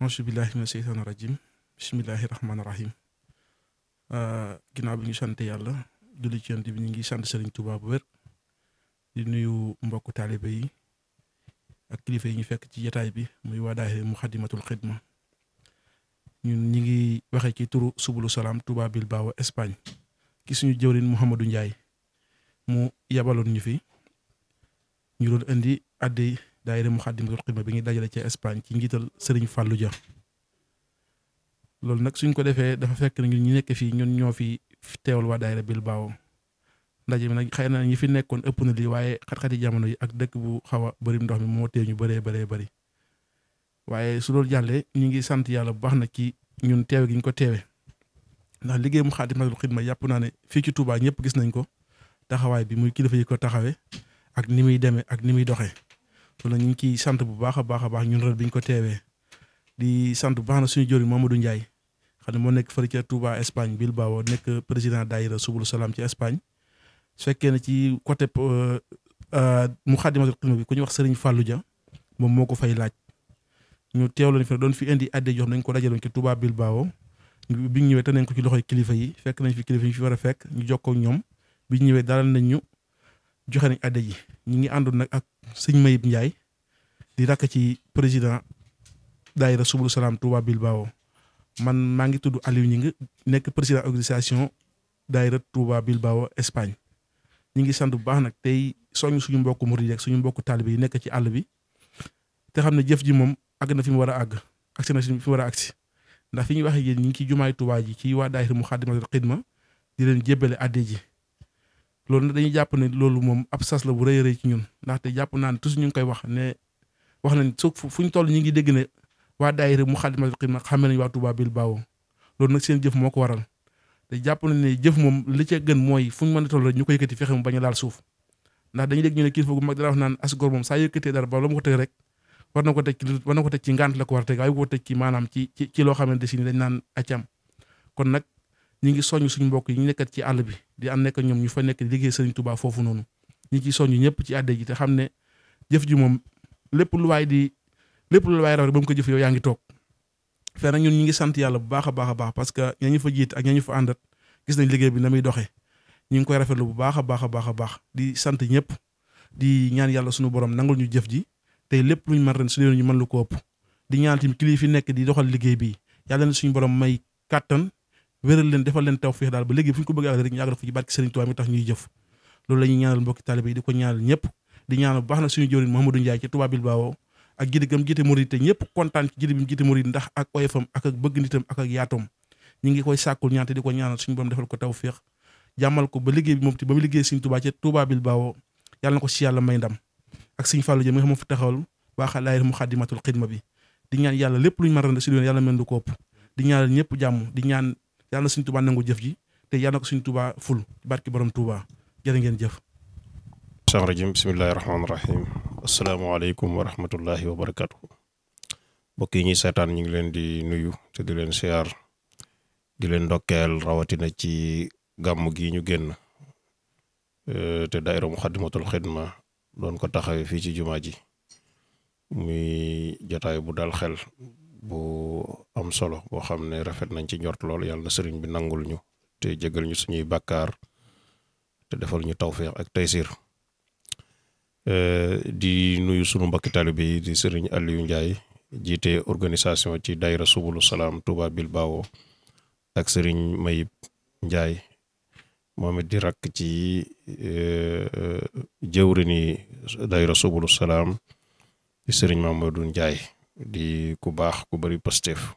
auzu billaahi mina seytaani rajiim bismillaahi rahmaani rahiim ah, ginnaaw bi ñu sant yàlla julli ci yonent bi ñu ngi sant Serigne Touba bu wér di nuyu mbokku taalibe yi ak kilifa yi ñu fekk ci jataay bi muy waa daahira Muxaddamatul Xidma ñun ñi ngi waxee ci turu subulu salaam Touba Bilbao Espagne ki suñu jëwrin Mouhamadou Ndiaye mu yabaloon ñu fi ñu doon indi addi daay mu daayira Muxaddamatul Xidma bi ñuy dajale ci Espagne ci njiital Serigne Fallou Dia loolu nag suñ ko defee dafa fekk ne ñu nekk fii ñun ñoo fi teewal waa daayira Bilbao ndaje mi nag xëy na ñi fi nekkoon ëpp na lii waaye xat-xati jamono yi ak dëkk bu xaw a bëri ndox mi moo tee ñu bëree bëree bëri waaye su loolu jàllee ñu ngi sant yàlla bu baax na ci ñun teewe gi ñu ko teewe ndax liggéey mu Muxaddamatul Xidma yàpp naa ne fii ci Touba ñëpp gis nañ ko taxawaay bi muy kilifa yi ko taxawee ak ni muy demee ak ni muy doxee loolu ñu ngi ciy sant bu baax a baaxa a baax ñun ren bi ñu ko teewee di sant bu baax na suñu jëriñ Mamadou Ndiaye xam ne moo nekk fële ca Touba Espagne Bilbao nekk président daayira Subul Salaam ci Espagne su fekkee ne ci côté euh, euh, mu xaadimatul xidma bi ku ñuy wax Serigne Fallou Dia moom moo ko fay laaj ñu teewloon fi doon fi indi adde yoo xam nañ ko dajaloon ci Touba Bilbao bi ñu ñëwee te nañ ko ci loxoy kilifa yi fekk nañ fi kilifa yi fi war a fekk ñu jokkoo ñoom bi ñu ñëwee nañ ñu joxe nañ adde yi ñu ngi àndoon nag ak sëñ Mayib Ndiaye di rakk ci président daayira Subul Salaam Touba Bilbao man maa ngi tudd ñi Gningue nekk président organisation daayira Touba Bilbao Espagne ñi ngi sant bu baax nag tey soññ suñu mbokk murid yi suñu mbokku taalibe yi nekk ci àll bi te xam ne jëf ji moom àgg na fi mu war a àgg agsi na fi mu war a agsi ndax fi ñu waxee yéen ñu ngi ci jumaay Touba ji ci waa daayira Muxaddamatul Xidma di leen jébbale adde ji loolu dañuy jàpp ne loolu moom ab sas la bu rëy rëy ci ñun ndaxte jàpp naa ne toujours ñu ngi koy wax ne wax nañ su fu ñu toll ñu ngi dégg ne waa daayira Moukhaddamatoul Khidma xamee nañ waa Touba Bilbao loolu nag seen jëf moo ko waral te jàpp nañ ne jëf moom li ca gën mooy fu ñu mën a toll rek ñu ko yëkkati fexe mu bañ a laal suuf ndax dañuy dégg ñu ne kilifa gu mag dara wax naan as góor moom saa yëkkatee dara ba la mu ko teg rek war na ko teg ci war na la ko war a teg waaye ko teg ci maanaam ci loo xamante si ni dañ naan acam kon nag ñi ngi soññ suñu mbokk yi ñu nekkat ci àll bi di ànd nekk ñoom ñu fa nekk di liggéey sëriñ Tuubaa foofu noonu ñi ciy soññ ñëpp ci àdde ji te xam ne jëf ji moom lépp lu waay di lépp lu waay raw ba mu ko jëf yaa ngi toog fee nag ñun ngi sant yàlla bu baax a baax a baax parce que ña ñu fa jiit ak ña ñu fa àndat gis nañ liggéey bi na doxee ñu ngi koy rafetlu bu baax a baax a baax a baax di sant ñëpp di ñaan yàlla suñu borom nangul ñu jëf ji te lépp lu ñu man ren su ñu man lu ko ëpp di ñaan tamit kilifa fi nekk di doxal liggéey bi yàlla na suñu borom may kàttan wéral leen defal leen tawfeex daal ba léegi fu ñu ko bëgg a rek ñu àggal ko ci barke Serigne Touba mi tax la ñuy ñaanal ak gidi gam jiite murid mu jiite murid mu liggéey Serigne Touba ci yàlla na ko ci yàlla may ndam ak Serigne Fallou Dieng mi nga xam fi taxawal baaxa laayir mu xaddimatul xidma bi di ñaan yàlla lépp luñ mën a rënd si yoon yàlla mel du ko ëpp di ñaan yàlla na suñ tubaa nangu jëf ji te yàlla na ko tubaa ful barki borom tubaa jërë ngeen jëf shan rajim bismillahi rahmaani rahim asalaamaaleykum wa rahmatullahi wa barakatu mbokk yi ñuy seetaan ñu ngi leen di nuyu te di leen siyaar di leen rawatina ci gàmm gi ñu génn eh, te daayira Muxaddamatul Xidma doon ko taxawee fii ci jumaa ji muy jotaay bu dal xel bu am solo boo xam ne rafet nañ ci njort lool yàlla na sëriñ bi nangul ñu te jégal ñu suñuy bakkar te defal ñu tawféex ak tey taysir euh, di nuyu sunu mbokki taalibe di sëriñ Aliou Ndiaye jiite organisation ci daayira subulu salaam Touba Bilbao ak sëriñ may njaay moom di rakk ci euh, euh, jëwrini daayira subulu salaam di sëriñ du njaay di ku baax ku bari Pastef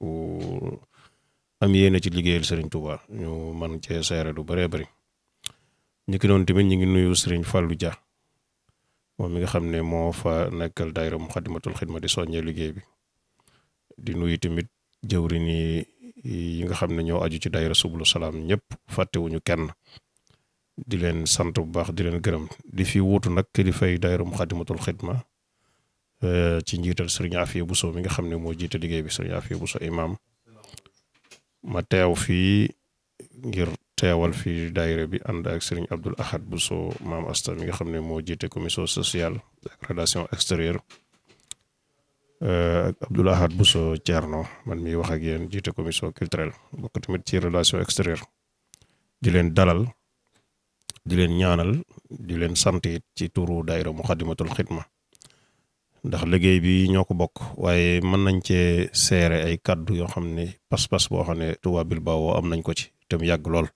ku am yéene ci liggéeyal sëriñ Touba ñu man cee seere du bëree bëri ñu ki doon tamit ñu ngi nuyu sëriñ Fallou Dia moom mi nga xam ne moo fa nekkal daayira Muxaddamatul Xidma di soññee liggéey bi di nuyu tamit jëwriñ yi nga xam ne ñoo aju ci daayira Subulu Salaam ñëpp fàttewuñu kenn di leen sant bu baax di leen gërëm di fi wuutu nag kilifay daayira Muxaddamatul Xidma Euh, ci njiital sëriñ Afia Bousso mi nga xam ne moo jiite liggéey bi sëriñ Afia Bousso imam ma teew fii ngir teewal fii daayira bi ànd ak sëriñ Abdul Ahad Bousso maam Asta mi nga xam ne moo jiite commission sociale ak relation extérieure ak euh, Abdul Ahad Bousso Thierno man mi wax ak yéen jiite commission culturel bokk tamit ci relation extérieure di leen dalal di leen ñaanal di leen sant ci turu daayira Muxaddamatul Xidma ndax liggéey bi ñoo ko bokk waaye mën nañ cee seere ay kaddu yoo xam ne pas-pas boo xam ne Touba Bilbao am nañ ko ci te mu yàgg lool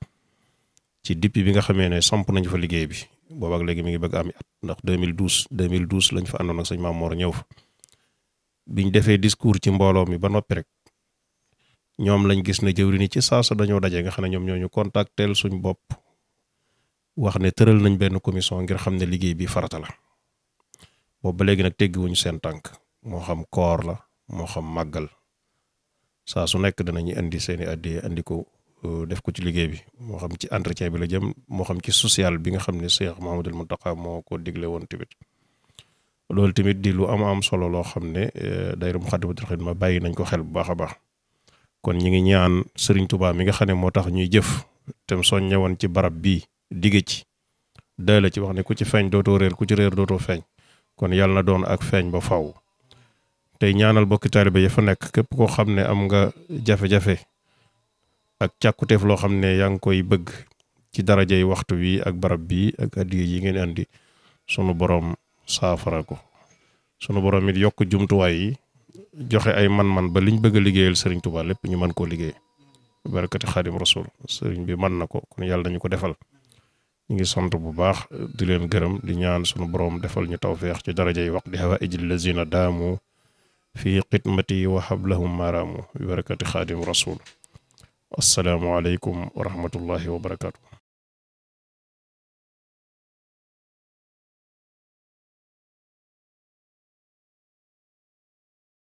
ci depuis bi nga xamee ne samp nañ fa liggéey bi boobaak léegi mi ngi bëgg am at ndax mille mille 2012 lañ fa àndoon ak sëñ Mamoor ñëw fa biñ defee discours ci mbooloo mi ba noppi rek ñoom lañ gis ne jëwri ni ci saasa dañoo daje nga xam ne ñoom ñoo ñu contacteel suñ bopp wax ne tëral nañ benn commission ngir xam ne liggéey bi farata la boobu ba léegi nag teggiwuñu seen tànk moo xam koor la moo xam màggal saa su nekk danañu indi seeni addiye indi ko def ko ci liggéey bi moo xam ci entretien bi la jëm moo xam ci social bi nga xam ne Cheikh Mahamadul Muntaqa moo ko digle woon tamit loolu tamit di lu am am solo loo xam ne e, daayira Moukhaddamatoul ma bàyyi nañ ko xel bu baax a baax kon ñi ngi ñaan Serigne tubaa mi nga xam ne moo tax ñuy jëf tem soññe woon ci barab bii dige ci day la ci wax ne ku ci feeñ dootoo réer ku ci réer dootoo feeñ kon yàlla na doon ak feeñ ba faw tey ñaanal bokki taalibe yi fa nekk képp koo xam ne am nga jafe-jafe ak càkkuteef loo xam ne yaa ngi koy bëgg ci darajey waxtu wi ak barab bi ak addiya yi ngeen andi sunu borom saafara ko sunu borom it yokk jumtuwaay yi joxe ay man-man ba liñ bëgg a liggéeyal sëriñ Tuubaa lépp ñu mën koo liggéey barakati xaadim rasul sëriñ bi mën na ko kon yàlla nañu ko defal ñu ngi sant bu baax di leen gërëm di ñaan sunu borom defal ñu tawféex ci darajay wax di hawaïji lazina daamu fi xidmati wa hablahum maraamu bi barakati xaadim rasul assalaamu aleykum wa rahmatullahi wa